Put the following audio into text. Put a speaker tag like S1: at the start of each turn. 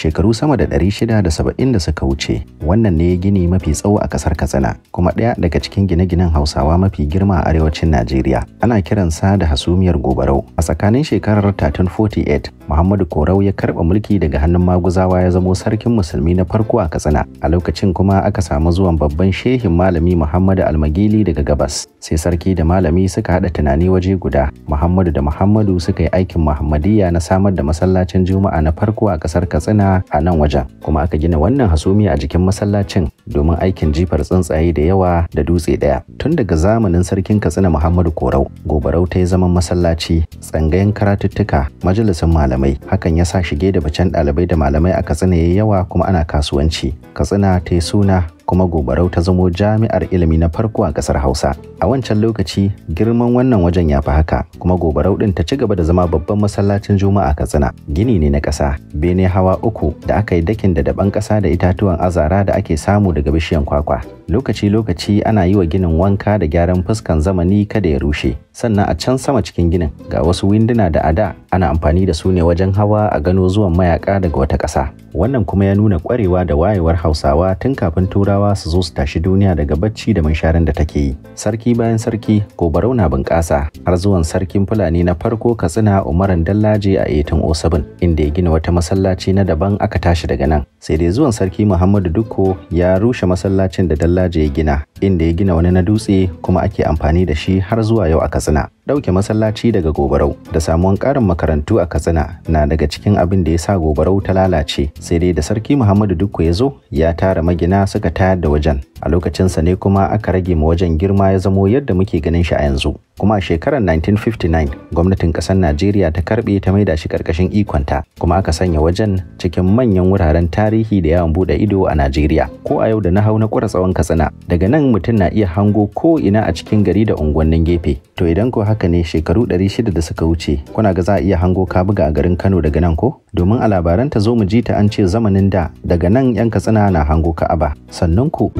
S1: shekaru sama da 670 da suka wuce wannan ne gini mafi tsawo a kasar katsina kuma ɗaya daga cikin gine-ginen hausawa mafi girma a arewacin najeriya ana kiransa da hasumiyar gobarau a tsakanin shekarar 1348 Muhammadu Korau ya karɓa mulki daga hannun Maguzawa ya zamo sarkin musulmi na farko a Katsina. A lokacin kuma aka samu zuwan babban shehin malami Muhammadu Almagili daga gabas. Sai sarki da malami suka haɗa tunani waje guda. Muhammadu da Muhammadu suka yi aikin Muhammadiyya na samar da masallacin Juma'a na farko a ƙasar Katsina a nan wajen. Kuma aka gina wannan hasumi a jikin masallacin domin aikin jifar tsuntsaye da yawa da dutse ɗaya. Tun daga zamanin sarkin Katsina Muhammadu Korau, gobarau ta yi zaman masallaci, tsangayen karatuttuka, majalisin malamai. malamai hakan ya sa shige da bacen ɗalibai da malamai a katsina ya yawa kuma ana kasuwanci katsina ta yi suna kuma gobarau ta zamo jami'ar ilimi na farko a ƙasar hausa a wancan lokaci girman wannan wajen ya fi haka kuma gobarau din ta ci gaba da zama babban masallacin juma'a katsina gini ne na ƙasa bene hawa uku da aka yi dakin da daban ƙasa da itatuwan azara da ake samu daga bishiyan kwakwa lokaci lokaci ana yi wa ginin wanka da gyaran fuskan zamani kada ya rushe sannan a can sama cikin ginin ga wasu winduna da ada ana amfani da su ne wajen hawa a gano zuwan mayaka daga wata ƙasa wannan kuma ya nuna ƙwarewa da wayewar hausawa tun kafin turawa su zo su tashi duniya daga bacci da munsharin da take yi sarki bayan sarki gobarau na bunƙasa har zuwan sarkin fulani na farko katsina umaran dallaje a etin 1807 inda ya gina wata masallaci na daban aka tashi daga nan sai dai zuwan sarki muhammadu dukko ya rushe masallacin da dallaje ya gina inda ya gina wani na dutse kuma ake amfani da shi har zuwa yau a katsina ɗauke masallaci daga gobarau da samuwan ƙarin makarantu a katsina na daga cikin abin da ya sa gobarau ta lalace sai dai da sarki muhammadu dukku ya zo ya tara magina suka tayar da wajen a lokacinsa ne kuma aka rage ma wajen girma ya zamo yadda muke ganin shi a yanzu kuma a shekarar 1959 gwamnatin kasar najeriya ta karbe ta maida shi karkashin ikonta kuma aka sanya wajen cikin manyan wuraren tarihi da yawan bude ido a najeriya ko a yau da na hau na kura tsawon katsina daga nan mutum na iya hango ko ina a cikin gari da unguwannin gefe to idan ko haka ne shekaru 600 da suka wuce kuna ga za a iya hango ka buga a garin kano daga nan ko domin a labaran ta zo mu ji ta an ce zamanin da daga nan yan katsina na hango ka'aba sannan ku